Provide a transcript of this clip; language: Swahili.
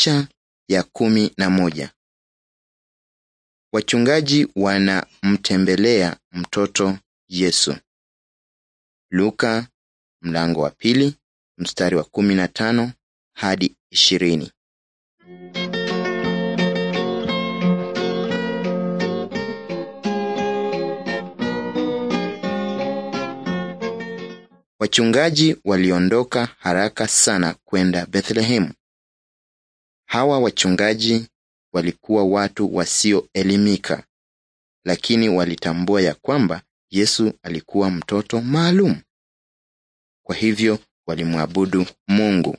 Picha ya kumi na moja. Wachungaji wanamtembelea mtoto Yesu. Luka mlango wa pili mstari wa kumi na tano hadi ishirini. Wachungaji waliondoka haraka sana kwenda Bethlehemu. Hawa wachungaji walikuwa watu wasioelimika, lakini walitambua ya kwamba Yesu alikuwa mtoto maalum. Kwa hivyo walimwabudu Mungu.